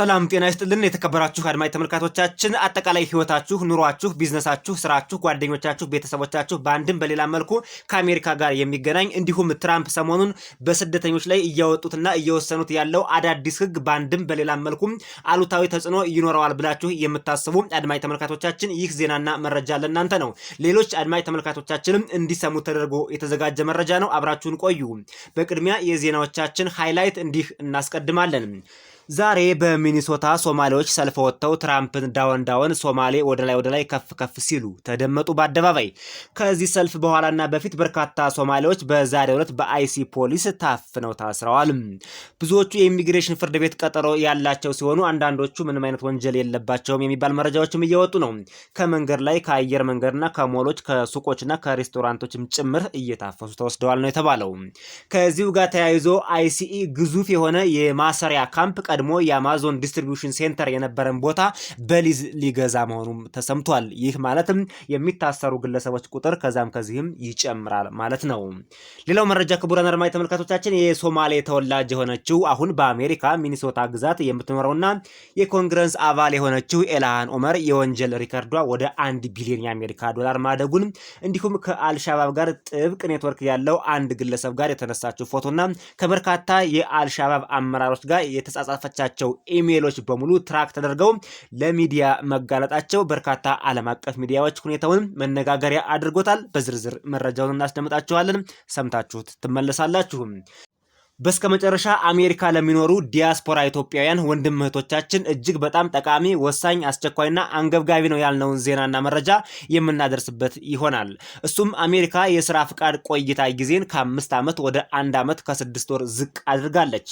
ሰላም ጤና ይስጥልን። የተከበራችሁ አድማጭ ተመልካቶቻችን አጠቃላይ ህይወታችሁ፣ ኑሯችሁ፣ ቢዝነሳችሁ፣ ስራችሁ፣ ጓደኞቻችሁ፣ ቤተሰቦቻችሁ በአንድም በሌላ መልኩ ከአሜሪካ ጋር የሚገናኝ እንዲሁም ትራምፕ ሰሞኑን በስደተኞች ላይ እያወጡትና እየወሰኑት ያለው አዳዲስ ህግ በአንድም በሌላ መልኩ አሉታዊ ተጽዕኖ ይኖረዋል ብላችሁ የምታስቡ አድማጭ ተመልካቶቻችን ይህ ዜናና መረጃ ለእናንተ ነው። ሌሎች አድማጭ ተመልካቶቻችንም እንዲሰሙ ተደርጎ የተዘጋጀ መረጃ ነው። አብራችሁን ቆዩ። በቅድሚያ የዜናዎቻችን ሃይላይት እንዲህ እናስቀድማለን። ዛሬ በሚኒሶታ ሶማሌዎች ሰልፈ ወጥተው ትራምፕን ዳውን ዳውን ሶማሌ ወደ ላይ ወደ ላይ ከፍ ከፍ ሲሉ ተደመጡ በአደባባይ። ከዚህ ሰልፍ በኋላና በፊት በርካታ ሶማሌዎች በዛሬው ዕለት በአይሲ ፖሊስ ታፍነው ታስረዋል። ብዙዎቹ የኢሚግሬሽን ፍርድ ቤት ቀጠሮ ያላቸው ሲሆኑ አንዳንዶቹ ምንም አይነት ወንጀል የለባቸውም የሚባል መረጃዎችም እየወጡ ነው። ከመንገድ ላይ ከአየር መንገድና ከሞሎች ከሱቆችና ከሬስቶራንቶችም ጭምር እየታፈሱ ተወስደዋል ነው የተባለው። ከዚሁ ጋር ተያይዞ አይሲኢ ግዙፍ የሆነ የማሰሪያ ካምፕ ቀድሞ የአማዞን ዲስትሪቢሽን ሴንተር የነበረን ቦታ በሊዝ ሊገዛ መሆኑም ተሰምቷል። ይህ ማለትም የሚታሰሩ ግለሰቦች ቁጥር ከዛም ከዚህም ይጨምራል ማለት ነው። ሌላው መረጃ ክቡራን አድማጭ ተመልካቾቻችን የሶማሌ ተወላጅ የሆነችው አሁን በአሜሪካ ሚኒሶታ ግዛት የምትኖረውና የኮንግረስ አባል የሆነችው ኤልሃን ኦመር የወንጀል ሪከርዷ ወደ አንድ ቢሊዮን የአሜሪካ ዶላር ማደጉን እንዲሁም ከአልሻባብ ጋር ጥብቅ ኔትወርክ ያለው አንድ ግለሰብ ጋር የተነሳችው ፎቶና ከበርካታ የአልሻባብ አመራሮች ጋር የተጻጻፈ የላከቻቸው ኢሜሎች በሙሉ ትራክ ተደርገው ለሚዲያ መጋለጣቸው በርካታ ዓለም አቀፍ ሚዲያዎች ሁኔታውን መነጋገሪያ አድርጎታል። በዝርዝር መረጃውን እናስደምጣችኋለን። ሰምታችሁት ትመለሳላችሁም። በስከ መጨረሻ አሜሪካ ለሚኖሩ ዲያስፖራ ኢትዮጵያውያን ወንድም እህቶቻችን እጅግ በጣም ጠቃሚ፣ ወሳኝ፣ አስቸኳይና አንገብጋቢ ነው ያልነውን ዜናና መረጃ የምናደርስበት ይሆናል። እሱም አሜሪካ የስራ ፍቃድ ቆይታ ጊዜን ከአምስት ዓመት ወደ አንድ ዓመት ከስድስት ወር ዝቅ አድርጋለች።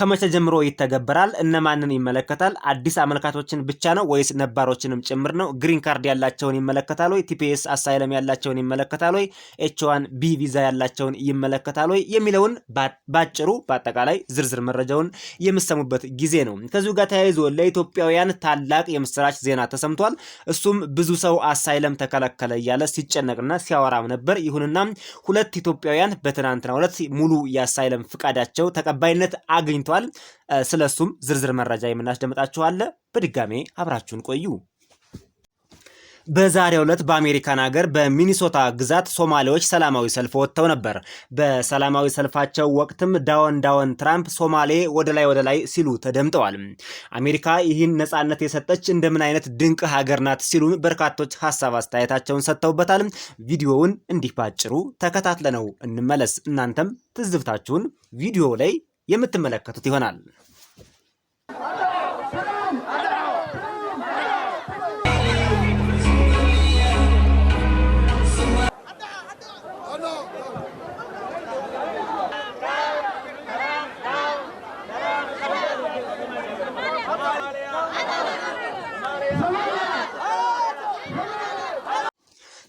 ከመቼ ጀምሮ ይተገበራል? እነማንን ይመለከታል? አዲስ አመልካቶችን ብቻ ነው ወይስ ነባሮችንም ጭምር ነው? ግሪን ካርድ ያላቸውን ይመለከታል ወይ? ቲፒኤስ አሳይለም ያላቸውን ይመለከታል ወይ? ኤችዋን ቢ ቪዛ ያላቸውን ይመለከታል ወይ? የሚለውን ባጭሩ በአጠቃላይ ዝርዝር መረጃውን የምሰሙበት ጊዜ ነው። ከዚሁ ጋር ተያይዞ ለኢትዮጵያውያን ታላቅ የምስራች ዜና ተሰምቷል። እሱም ብዙ ሰው አሳይለም ተከለከለ እያለ ሲጨነቅና ሲያወራም ነበር። ይሁንና ሁለት ኢትዮጵያውያን በትናንትናው ዕለት ሙሉ የአሳይለም ፍቃዳቸው ተቀባይነት አግኝ ተገኝቷል። ስለ እሱም ዝርዝር መረጃ የምናስደምጣችኋለ። በድጋሜ አብራችሁን ቆዩ። በዛሬው ዕለት በአሜሪካን ሀገር በሚኒሶታ ግዛት ሶማሌዎች ሰላማዊ ሰልፍ ወጥተው ነበር። በሰላማዊ ሰልፋቸው ወቅትም ዳወን ዳወን ትራምፕ ሶማሌ ወደ ላይ ወደ ላይ ሲሉ ተደምጠዋል። አሜሪካ ይህን ነጻነት የሰጠች እንደምን አይነት ድንቅ ሀገር ናት ሲሉ በርካቶች ሀሳብ አስተያየታቸውን ሰጥተውበታል። ቪዲዮውን እንዲህ ባጭሩ ተከታትለነው እንመለስ። እናንተም ትዝብታችሁን ቪዲዮ ላይ የምትመለከቱት ይሆናል።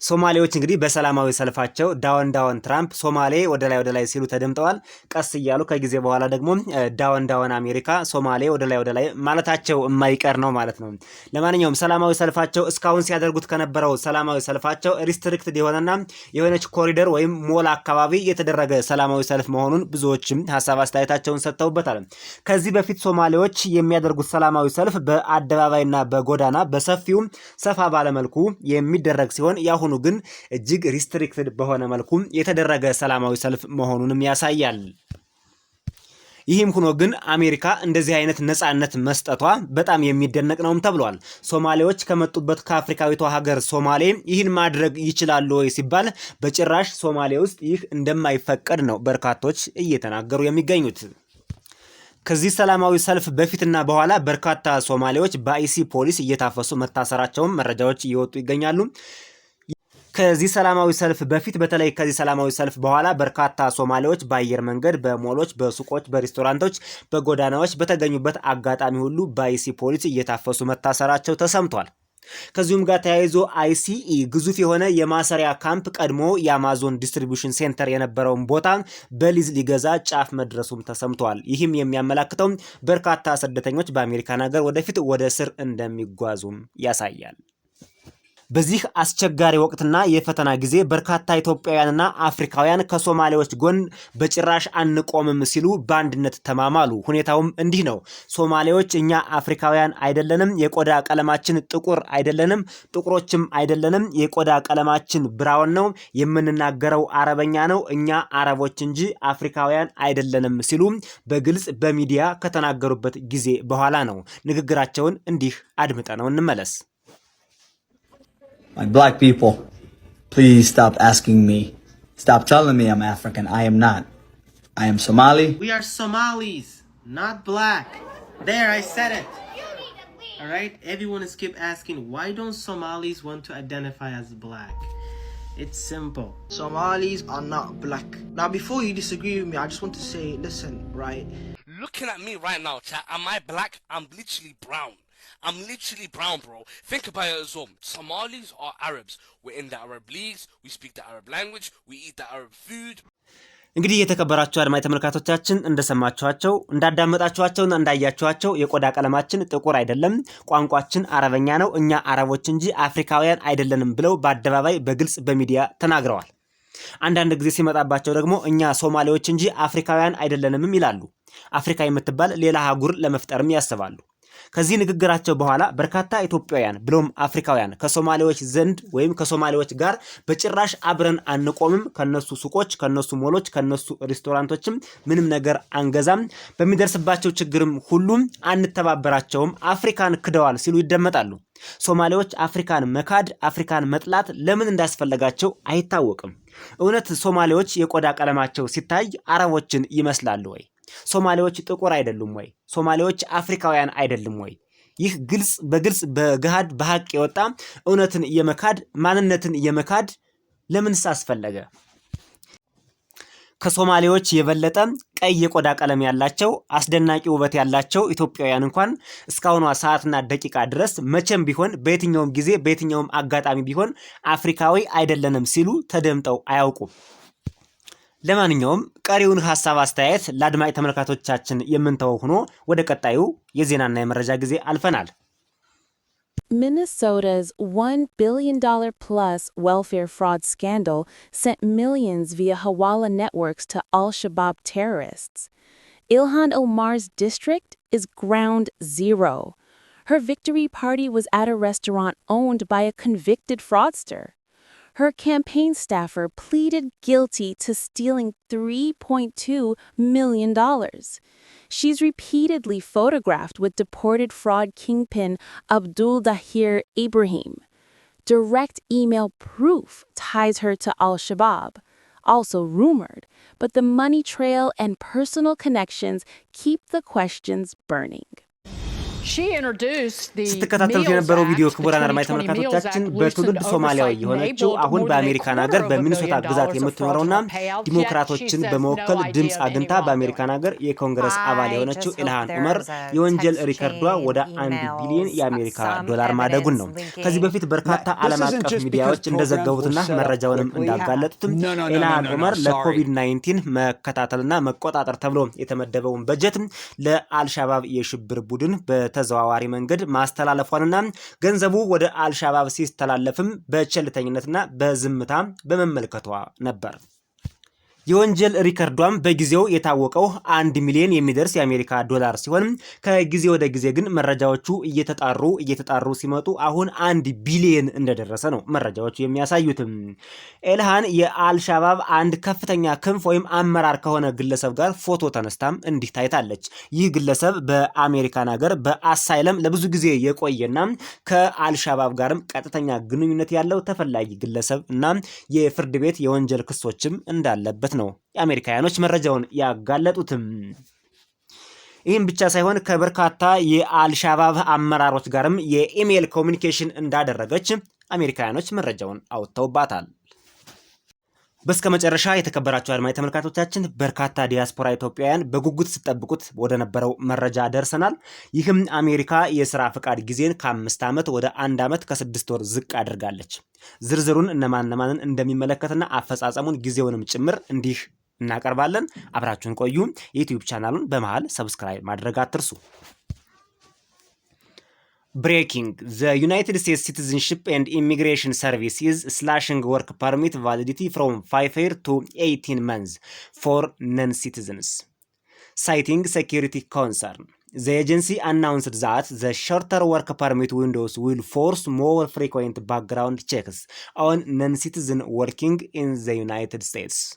ሶማሌዎች እንግዲህ በሰላማዊ ሰልፋቸው ዳውን ዳውን ትራምፕ ሶማሌ ወደ ላይ ወደ ላይ ሲሉ ተደምጠዋል። ቀስ እያሉ ከጊዜ በኋላ ደግሞ ዳውን ዳውን አሜሪካ ሶማሌ ወደ ላይ ወደ ላይ ማለታቸው የማይቀር ነው ማለት ነው። ለማንኛውም ሰላማዊ ሰልፋቸው እስካሁን ሲያደርጉት ከነበረው ሰላማዊ ሰልፋቸው ሪስትሪክትድ የሆነና የሆነች ኮሪደር ወይም ሞል አካባቢ የተደረገ ሰላማዊ ሰልፍ መሆኑን ብዙዎችም ሀሳብ አስተያየታቸውን ሰጥተውበታል። ከዚህ በፊት ሶማሌዎች የሚያደርጉት ሰላማዊ ሰልፍ በአደባባይና በጎዳና በሰፊውም ሰፋ ባለመልኩ የሚደረግ ሲሆን የአሁኑ መሆኑ ግን እጅግ ሪስትሪክትድ በሆነ መልኩ የተደረገ ሰላማዊ ሰልፍ መሆኑንም ያሳያል። ይህም ሆኖ ግን አሜሪካ እንደዚህ አይነት ነጻነት መስጠቷ በጣም የሚደነቅ ነውም ተብሏል። ሶማሌዎች ከመጡበት ከአፍሪካዊቷ ሀገር ሶማሌ ይህን ማድረግ ይችላሉ ወይ ሲባል በጭራሽ ሶማሌ ውስጥ ይህ እንደማይፈቀድ ነው በርካቶች እየተናገሩ የሚገኙት። ከዚህ ሰላማዊ ሰልፍ በፊትና በኋላ በርካታ ሶማሌዎች በአይሲ ፖሊስ እየታፈሱ መታሰራቸውም መረጃዎች እየወጡ ይገኛሉ። ከዚህ ሰላማዊ ሰልፍ በፊት በተለይ ከዚህ ሰላማዊ ሰልፍ በኋላ በርካታ ሶማሌዎች በአየር መንገድ፣ በሞሎች፣ በሱቆች፣ በሬስቶራንቶች፣ በጎዳናዎች በተገኙበት አጋጣሚ ሁሉ በአይሲ ፖሊስ እየታፈሱ መታሰራቸው ተሰምቷል። ከዚሁም ጋር ተያይዞ አይሲኢ ግዙፍ የሆነ የማሰሪያ ካምፕ ቀድሞ የአማዞን ዲስትሪቢሽን ሴንተር የነበረውን ቦታ በሊዝ ሊገዛ ጫፍ መድረሱም ተሰምቷል። ይህም የሚያመላክተው በርካታ ስደተኞች በአሜሪካን ሀገር ወደፊት ወደ ስር እንደሚጓዙም ያሳያል። በዚህ አስቸጋሪ ወቅትና የፈተና ጊዜ በርካታ ኢትዮጵያውያንና አፍሪካውያን ከሶማሌዎች ጎን በጭራሽ አንቆምም ሲሉ በአንድነት ተማማሉ። ሁኔታውም እንዲህ ነው። ሶማሌዎች እኛ አፍሪካውያን አይደለንም፣ የቆዳ ቀለማችን ጥቁር አይደለንም፣ ጥቁሮችም አይደለንም፣ የቆዳ ቀለማችን ብራውን ነው፣ የምንናገረው አረበኛ ነው፣ እኛ አረቦች እንጂ አፍሪካውያን አይደለንም ሲሉ በግልጽ በሚዲያ ከተናገሩበት ጊዜ በኋላ ነው። ንግግራቸውን እንዲህ አድምጠ ነው እንመለስ። my black people, please stop asking me. Stop telling me I'm African. I am not. I am Somali. We are Somalis, not black. There, I said it. All right, everyone is keep asking why don't Somalis want to identify as black? It's simple. Somalis are not black. Now, before you disagree with me, I just want to say, listen, right? Looking at me right now, chat, am I black? I'm literally brown. I'm literally brown, bro. Think about it as well. Somalis are Arabs. We're in the Arab leagues. We speak the Arab language. We eat the Arab food. እንግዲህ የተከበራችሁ አድማጭ ተመልካቶቻችን እንደሰማችኋቸው እንዳዳመጣችኋቸውና እንዳያችኋቸው የቆዳ ቀለማችን ጥቁር አይደለም፣ ቋንቋችን አረበኛ ነው፣ እኛ አረቦች እንጂ አፍሪካውያን አይደለንም ብለው በአደባባይ በግልጽ በሚዲያ ተናግረዋል። አንዳንድ ጊዜ ሲመጣባቸው ደግሞ እኛ ሶማሌዎች እንጂ አፍሪካውያን አይደለንም ይላሉ። አፍሪካ የምትባል ሌላ አህጉር ለመፍጠርም ያስባሉ። ከዚህ ንግግራቸው በኋላ በርካታ ኢትዮጵያውያን ብሎም አፍሪካውያን ከሶማሌዎች ዘንድ ወይም ከሶማሌዎች ጋር በጭራሽ አብረን አንቆምም፣ ከነሱ ሱቆች፣ ከነሱ ሞሎች፣ ከነሱ ሬስቶራንቶችም ምንም ነገር አንገዛም፣ በሚደርስባቸው ችግርም ሁሉም አንተባበራቸውም፣ አፍሪካን ክደዋል ሲሉ ይደመጣሉ። ሶማሌዎች አፍሪካን መካድ አፍሪካን መጥላት ለምን እንዳስፈለጋቸው አይታወቅም። እውነት ሶማሌዎች የቆዳ ቀለማቸው ሲታይ አረቦችን ይመስላሉ ወይ? ሶማሌዎች ጥቁር አይደሉም ወይ? ሶማሌዎች አፍሪካውያን አይደሉም ወይ? ይህ ግልጽ በግልጽ በገሃድ በሀቅ የወጣ እውነትን የመካድ ማንነትን የመካድ ለምንስ አስፈለገ? ከሶማሌዎች የበለጠ ቀይ የቆዳ ቀለም ያላቸው አስደናቂ ውበት ያላቸው ኢትዮጵያውያን እንኳን እስካሁኗ ሰዓትና ደቂቃ ድረስ መቼም ቢሆን በየትኛውም ጊዜ በየትኛውም አጋጣሚ ቢሆን አፍሪካዊ አይደለንም ሲሉ ተደምጠው አያውቁም። ለማንኛውም ቀሪውን ሀሳብ አስተያየት ለአድማጭ የምንተወው ሆኖ ወደ ቀጣዩ የዜናና የመረጃ ጊዜ አልፈናል። Minnesota's $1 billion plus welfare fraud scandal sent millions via Hawala networks to Al Shabaab terrorists. Ilhan Omar's district is ground zero. Her victory party was at a restaurant owned by a convicted fraudster her campaign staffer pleaded guilty to stealing $3.2 million. She's repeatedly photographed with deported fraud kingpin Abdul Dahir Ibrahim. Direct email proof ties her to Al Shabaab, also rumored, but the money trail and personal connections keep the questions burning. ስትከታተሉት የነበረው ቪዲዮ ክቡራን አድማጭ ተመልካቾቻችን በትውልድ ሶማሊያዊ የሆነችው አሁን በአሜሪካን ሀገር በሚኒሶታ ግዛት የምትኖረውና ዲሞክራቶችን በመወከል ድምፅ አግኝታ በአሜሪካን ሀገር የኮንግረስ አባል የሆነችው ኢልሃን ኡመር የወንጀል ሪከርዷ ወደ አንድ ቢሊዮን የአሜሪካ ዶላር ማደጉን ነው። ከዚህ በፊት በርካታ ዓለም አቀፍ ሚዲያዎች እንደዘገቡትና መረጃውንም እንዳጋለጡትም ኢልሃን ኡመር ለኮቪድ-19 መከታተልና መቆጣጠር ተብሎ የተመደበውን በጀት ለአልሻባብ የሽብር ቡድን በ በተዘዋዋሪ መንገድ ማስተላለፏንና ገንዘቡ ወደ አልሻባብ ሲስተላለፍም በቸልተኝነትና በዝምታ በመመልከቷ ነበር። የወንጀል ሪከርዷም በጊዜው የታወቀው አንድ ሚሊዮን የሚደርስ የአሜሪካ ዶላር ሲሆን ከጊዜ ወደ ጊዜ ግን መረጃዎቹ እየተጣሩ እየተጣሩ ሲመጡ አሁን አንድ ቢሊዮን እንደደረሰ ነው መረጃዎቹ የሚያሳዩትም። ኤልሃን የአልሻባብ አንድ ከፍተኛ ክንፍ ወይም አመራር ከሆነ ግለሰብ ጋር ፎቶ ተነስታም እንዲህ ታይታለች። ይህ ግለሰብ በአሜሪካን ሀገር በአሳይለም ለብዙ ጊዜ የቆየና ከአልሻባብ ጋርም ቀጥተኛ ግንኙነት ያለው ተፈላጊ ግለሰብ እና የፍርድ ቤት የወንጀል ክሶችም እንዳለበት ነው የአሜሪካውያኖች መረጃውን ያጋለጡትም። ይህም ብቻ ሳይሆን ከበርካታ የአልሻባብ አመራሮች ጋርም የኢሜይል ኮሚኒኬሽን እንዳደረገች አሜሪካውያኖች መረጃውን አውጥተውባታል። በስከ መጨረሻ የተከበራቸው አድማጭ ተመልካቾቻችን በርካታ ዲያስፖራ ኢትዮጵያውያን በጉጉት ሲጠብቁት ወደ ነበረው መረጃ ደርሰናል። ይህም አሜሪካ የስራ ፈቃድ ጊዜን ከአምስት ዓመት ወደ አንድ ዓመት ከስድስት ወር ዝቅ አድርጋለች። ዝርዝሩን እነማን እነማንን እንደሚመለከትና አፈጻጸሙን ጊዜውንም ጭምር እንዲህ እናቀርባለን። አብራችሁን ቆዩ። የዩትዩብ ቻናሉን በመሃል ሰብስክራይብ ማድረግ አትርሱ። Breaking the United States Citizenship and Immigration Service is slashing work permit validity from 5 years to 18 months for non citizens. Citing security concern, the agency announced that the shorter work permit windows will force more frequent background checks on non citizen working in the United States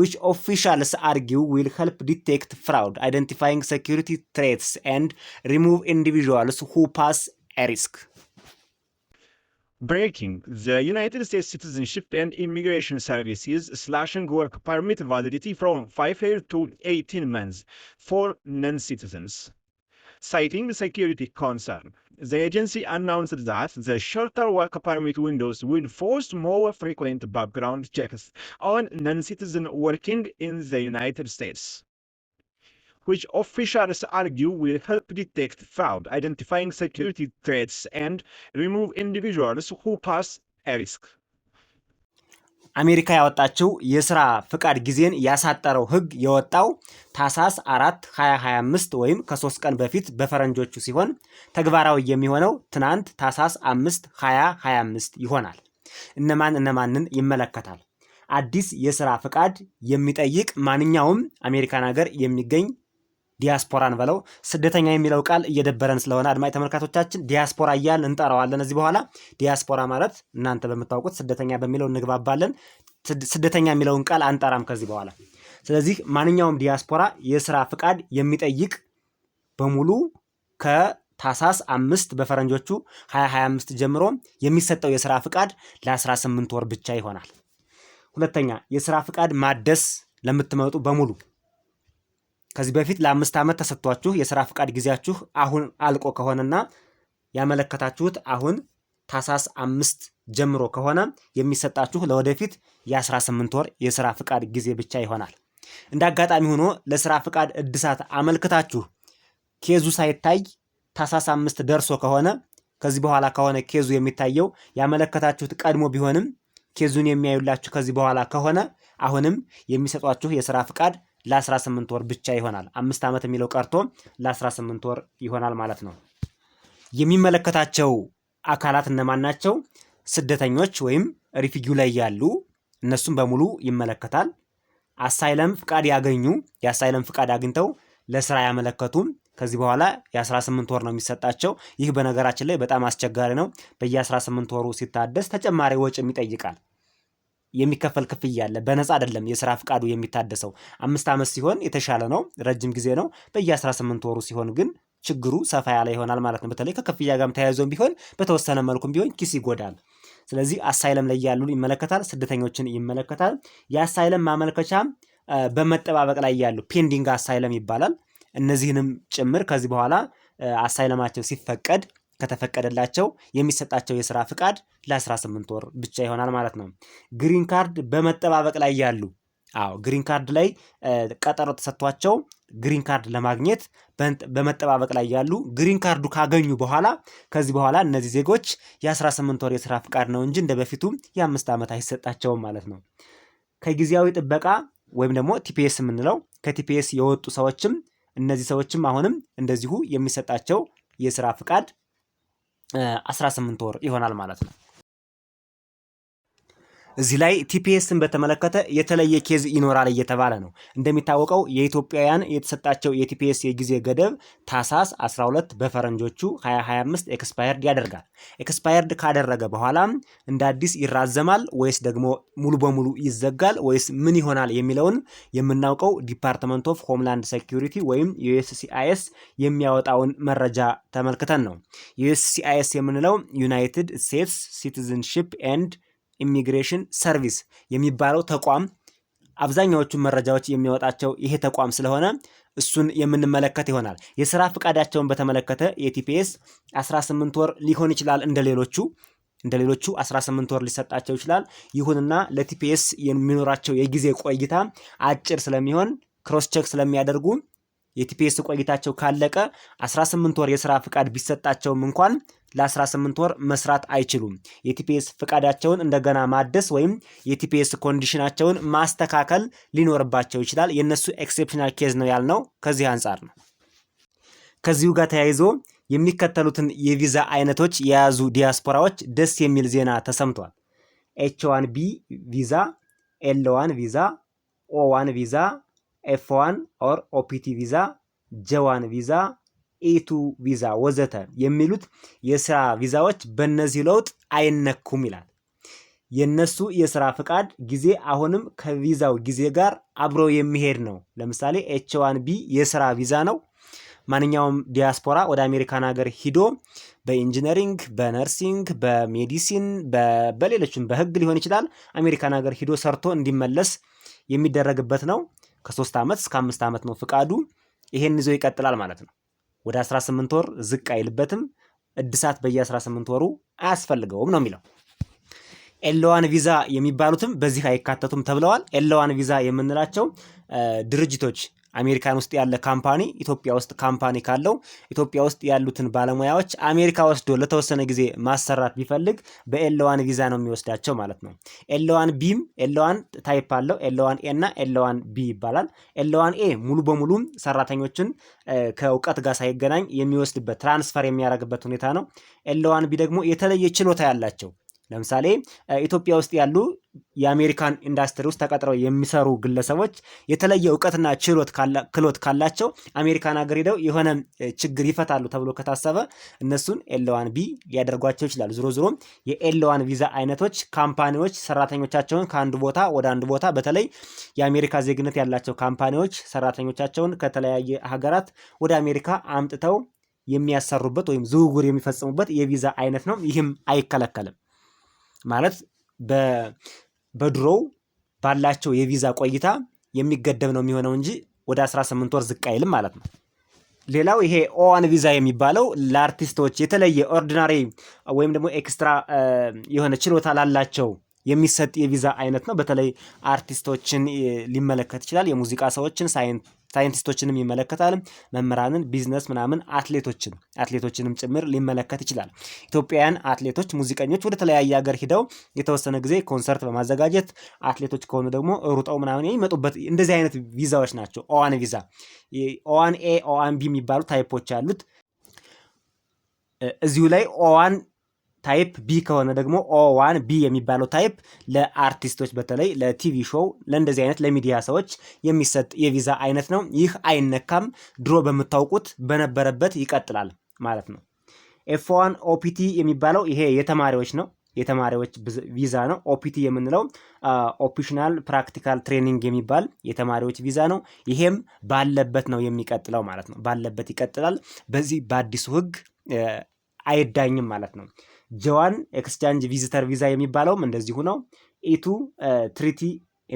which officials argue will help detect fraud, identifying security threats, and remove individuals who pose a risk. Breaking the United States Citizenship and Immigration Services slashing work permit validity from 5 years to 18 months for non citizens, citing security concern the agency announced that the shorter work permit windows will force more frequent background checks on non-citizens working in the United States which officials argue will help detect fraud, identifying security threats, and remove individuals who pose a risk. አሜሪካ ያወጣችው የስራ ፍቃድ ጊዜን ያሳጠረው ህግ የወጣው ታሳስ 4 2025 ወይም ከሶስት ቀን በፊት በፈረንጆቹ ሲሆን ተግባራዊ የሚሆነው ትናንት ታሳስ 5 2025 ይሆናል። እነማን እነማንን ይመለከታል? አዲስ የስራ ፍቃድ የሚጠይቅ ማንኛውም አሜሪካን ሀገር የሚገኝ ዲያስፖራን በለው ስደተኛ የሚለው ቃል እየደበረን ስለሆነ አድማጭ ተመልካቶቻችን ዲያስፖራ እያልን እንጠራዋለን። እዚህ በኋላ ዲያስፖራ ማለት እናንተ በምታውቁት ስደተኛ በሚለው እንግባባለን። ስደተኛ የሚለውን ቃል አንጠራም ከዚህ በኋላ። ስለዚህ ማንኛውም ዲያስፖራ የስራ ፍቃድ የሚጠይቅ በሙሉ ከታሳስ አምስት በፈረንጆቹ 2025 ጀምሮ የሚሰጠው የስራ ፍቃድ ለ18 ወር ብቻ ይሆናል። ሁለተኛ የስራ ፍቃድ ማደስ ለምትመጡ በሙሉ ከዚህ በፊት ለአምስት ዓመት ተሰጥቷችሁ የስራ ፍቃድ ጊዜያችሁ አሁን አልቆ ከሆነና ያመለከታችሁት አሁን ታሳስ አምስት ጀምሮ ከሆነ የሚሰጣችሁ ለወደፊት የ18 ወር የስራ ፍቃድ ጊዜ ብቻ ይሆናል። እንደ አጋጣሚ ሆኖ ለስራ ፍቃድ እድሳት አመልክታችሁ ኬዙ ሳይታይ ታሳስ አምስት ደርሶ ከሆነ ከዚህ በኋላ ከሆነ ኬዙ የሚታየው ያመለከታችሁት ቀድሞ ቢሆንም ኬዙን የሚያዩላችሁ ከዚህ በኋላ ከሆነ አሁንም የሚሰጧችሁ የስራ ፍቃድ ለ18 ወር ብቻ ይሆናል። አምስት ዓመት የሚለው ቀርቶ ለ18 ወር ይሆናል ማለት ነው። የሚመለከታቸው አካላት እነማን ናቸው? ስደተኞች ወይም ሪፊጊው ላይ ያሉ እነሱም በሙሉ ይመለከታል። አሳይለም ፍቃድ ያገኙ የአሳይለም ፍቃድ አግኝተው ለስራ ያመለከቱም ከዚህ በኋላ የ18 ወር ነው የሚሰጣቸው። ይህ በነገራችን ላይ በጣም አስቸጋሪ ነው። በየ18 ወሩ ሲታደስ ተጨማሪ ወጪም ይጠይቃል። የሚከፈል ክፍያ አለ። በነፃ አይደለም የስራ ፍቃዱ የሚታደሰው። አምስት ዓመት ሲሆን የተሻለ ነው፣ ረጅም ጊዜ ነው። በየ18 ወሩ ሲሆን ግን ችግሩ ሰፋ ያለ ይሆናል ማለት ነው። በተለይ ከክፍያ ጋርም ተያይዞም ቢሆን በተወሰነ መልኩም ቢሆን ኪስ ይጎዳል። ስለዚህ አሳይለም ላይ ያሉ ይመለከታል፣ ስደተኞችን ይመለከታል። የአሳይለም ማመልከቻ በመጠባበቅ ላይ ያሉ ፔንዲንግ አሳይለም ይባላል። እነዚህንም ጭምር ከዚህ በኋላ አሳይለማቸው ሲፈቀድ ከተፈቀደላቸው የሚሰጣቸው የስራ ፍቃድ ለ18 ወር ብቻ ይሆናል ማለት ነው። ግሪን ካርድ በመጠባበቅ ላይ ያሉ አዎ ግሪን ካርድ ላይ ቀጠሮ ተሰጥቷቸው ግሪን ካርድ ለማግኘት በመጠባበቅ ላይ ያሉ ግሪን ካርዱ ካገኙ በኋላ ከዚህ በኋላ እነዚህ ዜጎች የ18 ወር የስራ ፍቃድ ነው እንጂ እንደ በፊቱ የአምስት ዓመት አይሰጣቸውም ማለት ነው። ከጊዜያዊ ጥበቃ ወይም ደግሞ ቲፒኤስ የምንለው ከቲፒኤስ የወጡ ሰዎችም እነዚህ ሰዎችም አሁንም እንደዚሁ የሚሰጣቸው የስራ ፍቃድ 18 ወር ይሆናል ማለት ነው። እዚህ ላይ ቲፒኤስን በተመለከተ የተለየ ኬዝ ይኖራል እየተባለ ነው። እንደሚታወቀው የኢትዮጵያውያን የተሰጣቸው የቲፒኤስ የጊዜ ገደብ ታሳስ 12 በፈረንጆቹ 2025 ኤክስፓየርድ ያደርጋል። ኤክስፓየርድ ካደረገ በኋላም እንደ አዲስ ይራዘማል ወይስ ደግሞ ሙሉ በሙሉ ይዘጋል ወይስ ምን ይሆናል የሚለውን የምናውቀው ዲፓርትመንት ኦፍ ሆምላንድ ሴኪሪቲ ወይም ዩኤስሲአይኤስ የሚያወጣውን መረጃ ተመልክተን ነው። ዩኤስሲአይኤስ የምንለው ዩናይትድ ስቴትስ ሲቲዝንሺፕ ኤንድ ኢሚግሬሽን ሰርቪስ የሚባለው ተቋም አብዛኛዎቹን መረጃዎች የሚያወጣቸው ይሄ ተቋም ስለሆነ እሱን የምንመለከት ይሆናል። የስራ ፈቃዳቸውን በተመለከተ የቲፒኤስ 18 ወር ሊሆን ይችላል እንደሌሎቹ እንደ ሌሎቹ 18 ወር ሊሰጣቸው ይችላል። ይሁንና ለቲፒኤስ የሚኖራቸው የጊዜ ቆይታ አጭር ስለሚሆን ክሮስቸክ ስለሚያደርጉ የቲፒኤስ ቆይታቸው ካለቀ 18 ወር የስራ ፍቃድ ቢሰጣቸውም እንኳን ለ18 ወር መስራት አይችሉም። የቲፒኤስ ፍቃዳቸውን እንደገና ማደስ ወይም የቲፒኤስ ኮንዲሽናቸውን ማስተካከል ሊኖርባቸው ይችላል። የእነሱ ኤክሴፕሽናል ኬዝ ነው ያልነው ከዚህ አንጻር ነው። ከዚሁ ጋር ተያይዞ የሚከተሉትን የቪዛ አይነቶች የያዙ ዲያስፖራዎች ደስ የሚል ዜና ተሰምቷል። ኤች ዋን ቢ ቪዛ፣ ኤል ዋን ቪዛ፣ ኦ ዋን ቪዛ፣ ኤፍ ዋን ኦር ኦፒቲ ቪዛ፣ ጀዋን ቪዛ ኢቱ ቪዛ ወዘተ የሚሉት የስራ ቪዛዎች በእነዚህ ለውጥ አይነኩም ይላል። የነሱ የስራ ፍቃድ ጊዜ አሁንም ከቪዛው ጊዜ ጋር አብሮ የሚሄድ ነው። ለምሳሌ ኤች ዋን ቢ የስራ ቪዛ ነው። ማንኛውም ዲያስፖራ ወደ አሜሪካን ሀገር ሂዶ በኢንጂነሪንግ፣ በነርሲንግ፣ በሜዲሲን፣ በሌሎችም በህግ ሊሆን ይችላል አሜሪካን ሀገር ሂዶ ሰርቶ እንዲመለስ የሚደረግበት ነው። ከሶስት ዓመት እስከ አምስት ዓመት ነው ፍቃዱ። ይሄን ይዞ ይቀጥላል ማለት ነው። ወደ 18 ወር ዝቅ አይልበትም። እድሳት በየ18 ወሩ አያስፈልገውም ነው የሚለው። ኤለዋን ቪዛ የሚባሉትም በዚህ አይካተቱም ተብለዋል። ኤለዋን ቪዛ የምንላቸው ድርጅቶች አሜሪካን ውስጥ ያለ ካምፓኒ ኢትዮጵያ ውስጥ ካምፓኒ ካለው ኢትዮጵያ ውስጥ ያሉትን ባለሙያዎች አሜሪካ ወስዶ ለተወሰነ ጊዜ ማሰራት ቢፈልግ በኤለዋን ቪዛ ነው የሚወስዳቸው ማለት ነው። ኤለዋን ቢም ኤለዋን ታይፕ አለው። ኤለዋን ኤ እና ኤለዋን ቢ ይባላል። ኤለዋን ኤ ሙሉ በሙሉ ሰራተኞችን ከእውቀት ጋር ሳይገናኝ የሚወስድበት ትራንስፈር የሚያደርግበት ሁኔታ ነው። ኤለዋን ቢ ደግሞ የተለየ ችሎታ ያላቸው ለምሳሌ ኢትዮጵያ ውስጥ ያሉ የአሜሪካን ኢንዱስትሪ ውስጥ ተቀጥረው የሚሰሩ ግለሰቦች የተለየ እውቀትና ክህሎት ካላቸው አሜሪካን ሀገር ሄደው የሆነ ችግር ይፈታሉ ተብሎ ከታሰበ እነሱን ኤልዋን ቢ ሊያደርጓቸው ይችላሉ። ዞሮ ዞሮ የኤልዋን ቪዛ አይነቶች ካምፓኒዎች ሰራተኞቻቸውን ከአንድ ቦታ ወደ አንድ ቦታ በተለይ የአሜሪካ ዜግነት ያላቸው ካምፓኒዎች ሰራተኞቻቸውን ከተለያየ ሀገራት ወደ አሜሪካ አምጥተው የሚያሰሩበት ወይም ዝውውር የሚፈጽሙበት የቪዛ አይነት ነው። ይህም አይከለከልም። ማለት በድሮው ባላቸው የቪዛ ቆይታ የሚገደብ ነው የሚሆነው እንጂ ወደ 18 ወር ዝቅ አይልም ማለት ነው። ሌላው ይሄ ኦዋን ቪዛ የሚባለው ለአርቲስቶች የተለየ ኦርዲናሪ ወይም ደግሞ ኤክስትራ የሆነ ችሎታ ላላቸው የሚሰጥ የቪዛ አይነት ነው። በተለይ አርቲስቶችን ሊመለከት ይችላል። የሙዚቃ ሰዎችን፣ ሳይንስ ሳይንቲስቶችንም ይመለከታል። መምህራንን፣ ቢዝነስ ምናምን፣ አትሌቶችን አትሌቶችንም ጭምር ሊመለከት ይችላል። ኢትዮጵያውያን አትሌቶች፣ ሙዚቀኞች ወደ ተለያየ ሀገር ሂደው የተወሰነ ጊዜ ኮንሰርት በማዘጋጀት አትሌቶች ከሆኑ ደግሞ ሩጠው ምናምን የሚመጡበት እንደዚህ አይነት ቪዛዎች ናቸው። ኦዋን ቪዛ ኦዋን ኤ ኦዋን ቢ የሚባሉ ታይፖች አሉት። እዚሁ ላይ ኦዋን ታይፕ ቢ ከሆነ ደግሞ ኦ ዋን ቢ የሚባለው ታይፕ ለአርቲስቶች በተለይ ለቲቪ ሾው ለእንደዚህ አይነት ለሚዲያ ሰዎች የሚሰጥ የቪዛ አይነት ነው። ይህ አይነካም። ድሮ በምታውቁት በነበረበት ይቀጥላል ማለት ነው። ኤፍ ዋን ኦፒቲ የሚባለው ይሄ የተማሪዎች ነው። የተማሪዎች ቪዛ ነው። ኦፒቲ የምንለው ኦፕሽናል ፕራክቲካል ትሬኒንግ የሚባል የተማሪዎች ቪዛ ነው። ይሄም ባለበት ነው የሚቀጥለው ማለት ነው። ባለበት ይቀጥላል በዚህ በአዲሱ ህግ አይዳኝም ማለት ነው። ጀዋን ኤክስቻንጅ ቪዚተር ቪዛ የሚባለውም እንደዚሁ ነው። ኢቱ ትሪቲ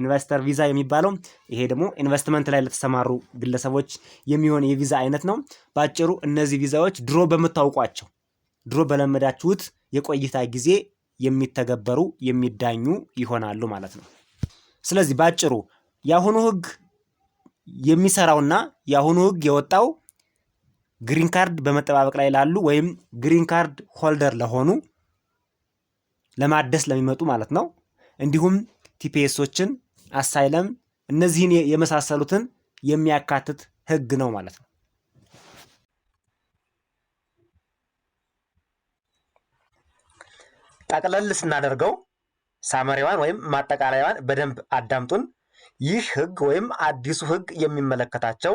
ኢንቨስተር ቪዛ የሚባለው ይሄ ደግሞ ኢንቨስትመንት ላይ ለተሰማሩ ግለሰቦች የሚሆን የቪዛ አይነት ነው። በአጭሩ እነዚህ ቪዛዎች ድሮ በምታውቋቸው ድሮ በለመዳችሁት የቆይታ ጊዜ የሚተገበሩ የሚዳኙ ይሆናሉ ማለት ነው። ስለዚህ በአጭሩ የአሁኑ ህግ የሚሰራውና የአሁኑ ህግ የወጣው ግሪን ካርድ በመጠባበቅ ላይ ላሉ ወይም ግሪን ካርድ ሆልደር ለሆኑ ለማደስ ለሚመጡ ማለት ነው። እንዲሁም ቲፒኤሶችን፣ አሳይለም እነዚህን የመሳሰሉትን የሚያካትት ህግ ነው ማለት ነው። ጠቅለል ስናደርገው ሳመሪዋን ወይም ማጠቃለያዋን በደንብ አዳምጡን። ይህ ህግ ወይም አዲሱ ህግ የሚመለከታቸው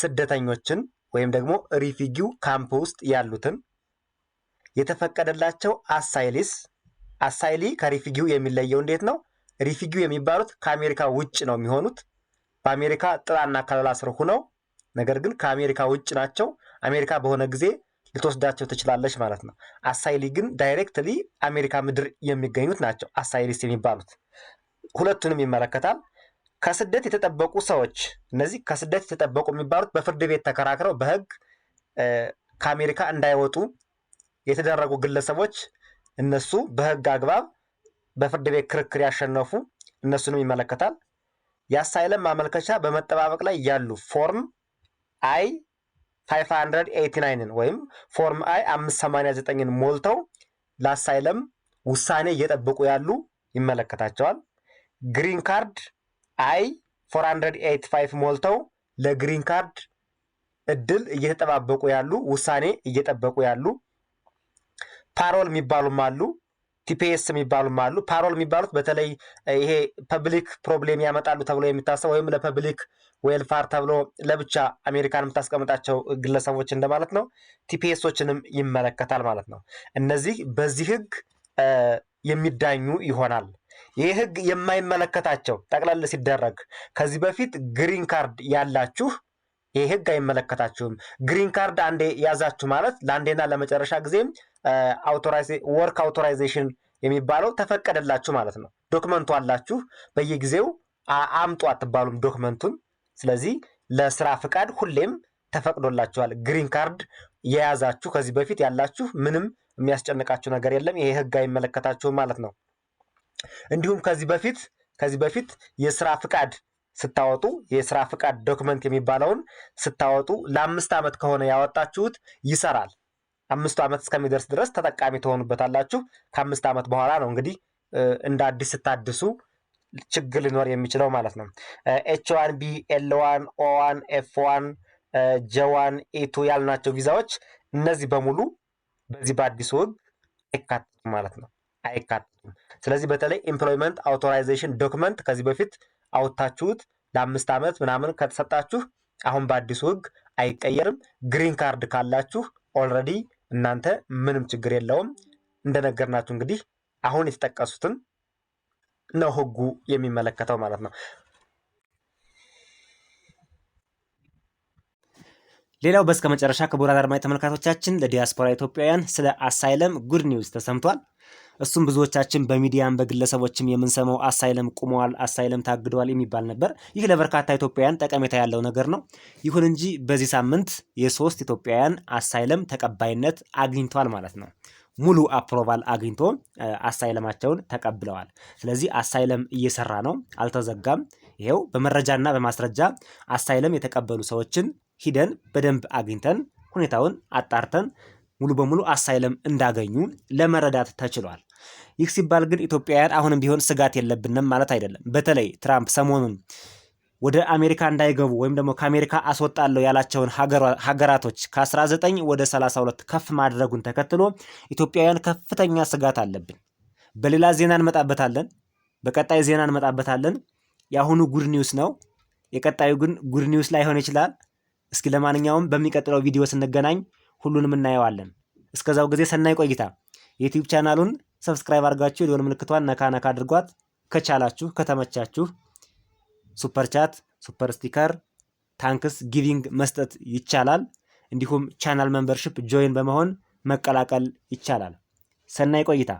ስደተኞችን ወይም ደግሞ ሪፊጊው ካምፕ ውስጥ ያሉትን የተፈቀደላቸው አሳይሊስ አሳይሊ ከሪፊጊው የሚለየው እንዴት ነው? ሪፊጊው የሚባሉት ከአሜሪካ ውጭ ነው የሚሆኑት። በአሜሪካ ጥላና ከለላ ስር ሁነው ነገር ግን ከአሜሪካ ውጭ ናቸው። አሜሪካ በሆነ ጊዜ ልትወስዳቸው ትችላለች ማለት ነው። አሳይሊ ግን ዳይሬክትሊ አሜሪካ ምድር የሚገኙት ናቸው አሳይሊስ የሚባሉት። ሁለቱንም ይመለከታል። ከስደት የተጠበቁ ሰዎች እነዚህ ከስደት የተጠበቁ የሚባሉት በፍርድ ቤት ተከራክረው በህግ ከአሜሪካ እንዳይወጡ የተደረጉ ግለሰቦች እነሱ በህግ አግባብ በፍርድ ቤት ክርክር ያሸነፉ እነሱንም ይመለከታል። የአሳይለም ማመልከቻ በመጠባበቅ ላይ ያሉ ፎርም አይ 589ን ወይም ፎርም አይ 589ን ሞልተው ለአሳይለም ውሳኔ እየጠበቁ ያሉ ይመለከታቸዋል። ግሪን ካርድ አይ 485 ሞልተው ለግሪን ካርድ እድል እየተጠባበቁ ያሉ ውሳኔ እየጠበቁ ያሉ ፓሮል የሚባሉም አሉ። ቲፒኤስ የሚባሉም አሉ። ፓሮል የሚባሉት በተለይ ይሄ ፐብሊክ ፕሮብሌም ያመጣሉ ተብሎ የሚታሰብ ወይም ለፐብሊክ ዌልፋር ተብሎ ለብቻ አሜሪካን የምታስቀምጣቸው ግለሰቦች እንደማለት ነው። ቲፒኤሶችንም ይመለከታል ማለት ነው። እነዚህ በዚህ ህግ የሚዳኙ ይሆናል። ይህ ህግ የማይመለከታቸው ጠቅለል ሲደረግ ከዚህ በፊት ግሪን ካርድ ያላችሁ ይህ ህግ አይመለከታችሁም። ግሪን ካርድ አንዴ ያዛችሁ ማለት ለአንዴና ለመጨረሻ ጊዜም ወርክ አውቶራይዜሽን የሚባለው ተፈቀደላችሁ ማለት ነው። ዶክመንቱ አላችሁ፣ በየጊዜው አምጡ አትባሉም ዶክመንቱን። ስለዚህ ለስራ ፍቃድ ሁሌም ተፈቅዶላችኋል። ግሪን ካርድ የያዛችሁ ከዚህ በፊት ያላችሁ ምንም የሚያስጨንቃችሁ ነገር የለም። ይሄ ህግ አይመለከታችሁም ማለት ነው። እንዲሁም ከዚህ በፊት ከዚህ በፊት የስራ ፍቃድ ስታወጡ የስራ ፍቃድ ዶክመንት የሚባለውን ስታወጡ ለአምስት ዓመት ከሆነ ያወጣችሁት ይሰራል። አምስቱ ዓመት እስከሚደርስ ድረስ ተጠቃሚ ትሆኑበታላችሁ። ከአምስት ዓመት በኋላ ነው እንግዲህ እንደ አዲስ ስታድሱ ችግር ሊኖር የሚችለው ማለት ነው። ኤች ዋን ቢ፣ ኤል ዋን፣ ኦ ዋን፣ ኤፍ ዋን፣ ጀዋን፣ ኤቱ ያልናቸው ቪዛዎች እነዚህ በሙሉ በዚህ በአዲሱ ሕግ አይካተቱም ማለት ነው አይካተቱም። ስለዚህ በተለይ ኤምፕሎይመንት አውቶራይዜሽን ዶክመንት ከዚህ በፊት አውጥታችሁት ለአምስት ዓመት ምናምን ከተሰጣችሁ አሁን በአዲሱ ህግ አይቀየርም። ግሪን ካርድ ካላችሁ ኦልረዲ እናንተ ምንም ችግር የለውም። እንደነገርናችሁ እንግዲህ አሁን የተጠቀሱትን ነው ህጉ የሚመለከተው ማለት ነው። ሌላው በስከ መጨረሻ ክቡራን አድማጭ ተመልካቾቻችን ለዲያስፖራ ኢትዮጵያውያን ስለ አሳይለም ጉድ ኒውስ ተሰምቷል። እሱም ብዙዎቻችን በሚዲያም በግለሰቦችም የምንሰማው አሳይለም ቁመዋል፣ አሳይለም ታግደዋል የሚባል ነበር። ይህ ለበርካታ ኢትዮጵያውያን ጠቀሜታ ያለው ነገር ነው። ይሁን እንጂ በዚህ ሳምንት የሶስት ኢትዮጵያውያን አሳይለም ተቀባይነት አግኝቷል ማለት ነው። ሙሉ አፕሮቫል አግኝቶ አሳይለማቸውን ተቀብለዋል። ስለዚህ አሳይለም እየሰራ ነው፣ አልተዘጋም። ይሄው በመረጃና በማስረጃ አሳይለም የተቀበሉ ሰዎችን ሂደን በደንብ አግኝተን ሁኔታውን አጣርተን ሙሉ በሙሉ አሳይለም እንዳገኙ ለመረዳት ተችሏል። ይህ ሲባል ግን ኢትዮጵያውያን አሁንም ቢሆን ስጋት የለብንም ማለት አይደለም። በተለይ ትራምፕ ሰሞኑን ወደ አሜሪካ እንዳይገቡ ወይም ደግሞ ከአሜሪካ አስወጣለሁ ያላቸውን ሀገራቶች ከ19 ወደ 32 ከፍ ማድረጉን ተከትሎ ኢትዮጵያውያን ከፍተኛ ስጋት አለብን። በሌላ ዜና እንመጣበታለን። በቀጣይ ዜና እንመጣበታለን። የአሁኑ ጉድ ኒውስ ነው። የቀጣዩ ግን ጉድ ኒውስ ላይሆን ይችላል። እስኪ ለማንኛውም በሚቀጥለው ቪዲዮ ስንገናኝ ሁሉንም እናየዋለን። እስከዛው ጊዜ ሰናይ ቆይታ። የዩቲዩብ ቻናሉን ሰብስክራይብ አድርጋችሁ የደወል ምልክቷን ነካ ነካ አድርጓት። ከቻላችሁ ከተመቻችሁ ሱፐር ቻት፣ ሱፐር ስቲከር፣ ታንክስ ጊቪንግ መስጠት ይቻላል። እንዲሁም ቻናል መንበርሽፕ ጆይን በመሆን መቀላቀል ይቻላል። ሰናይ ቆይታ።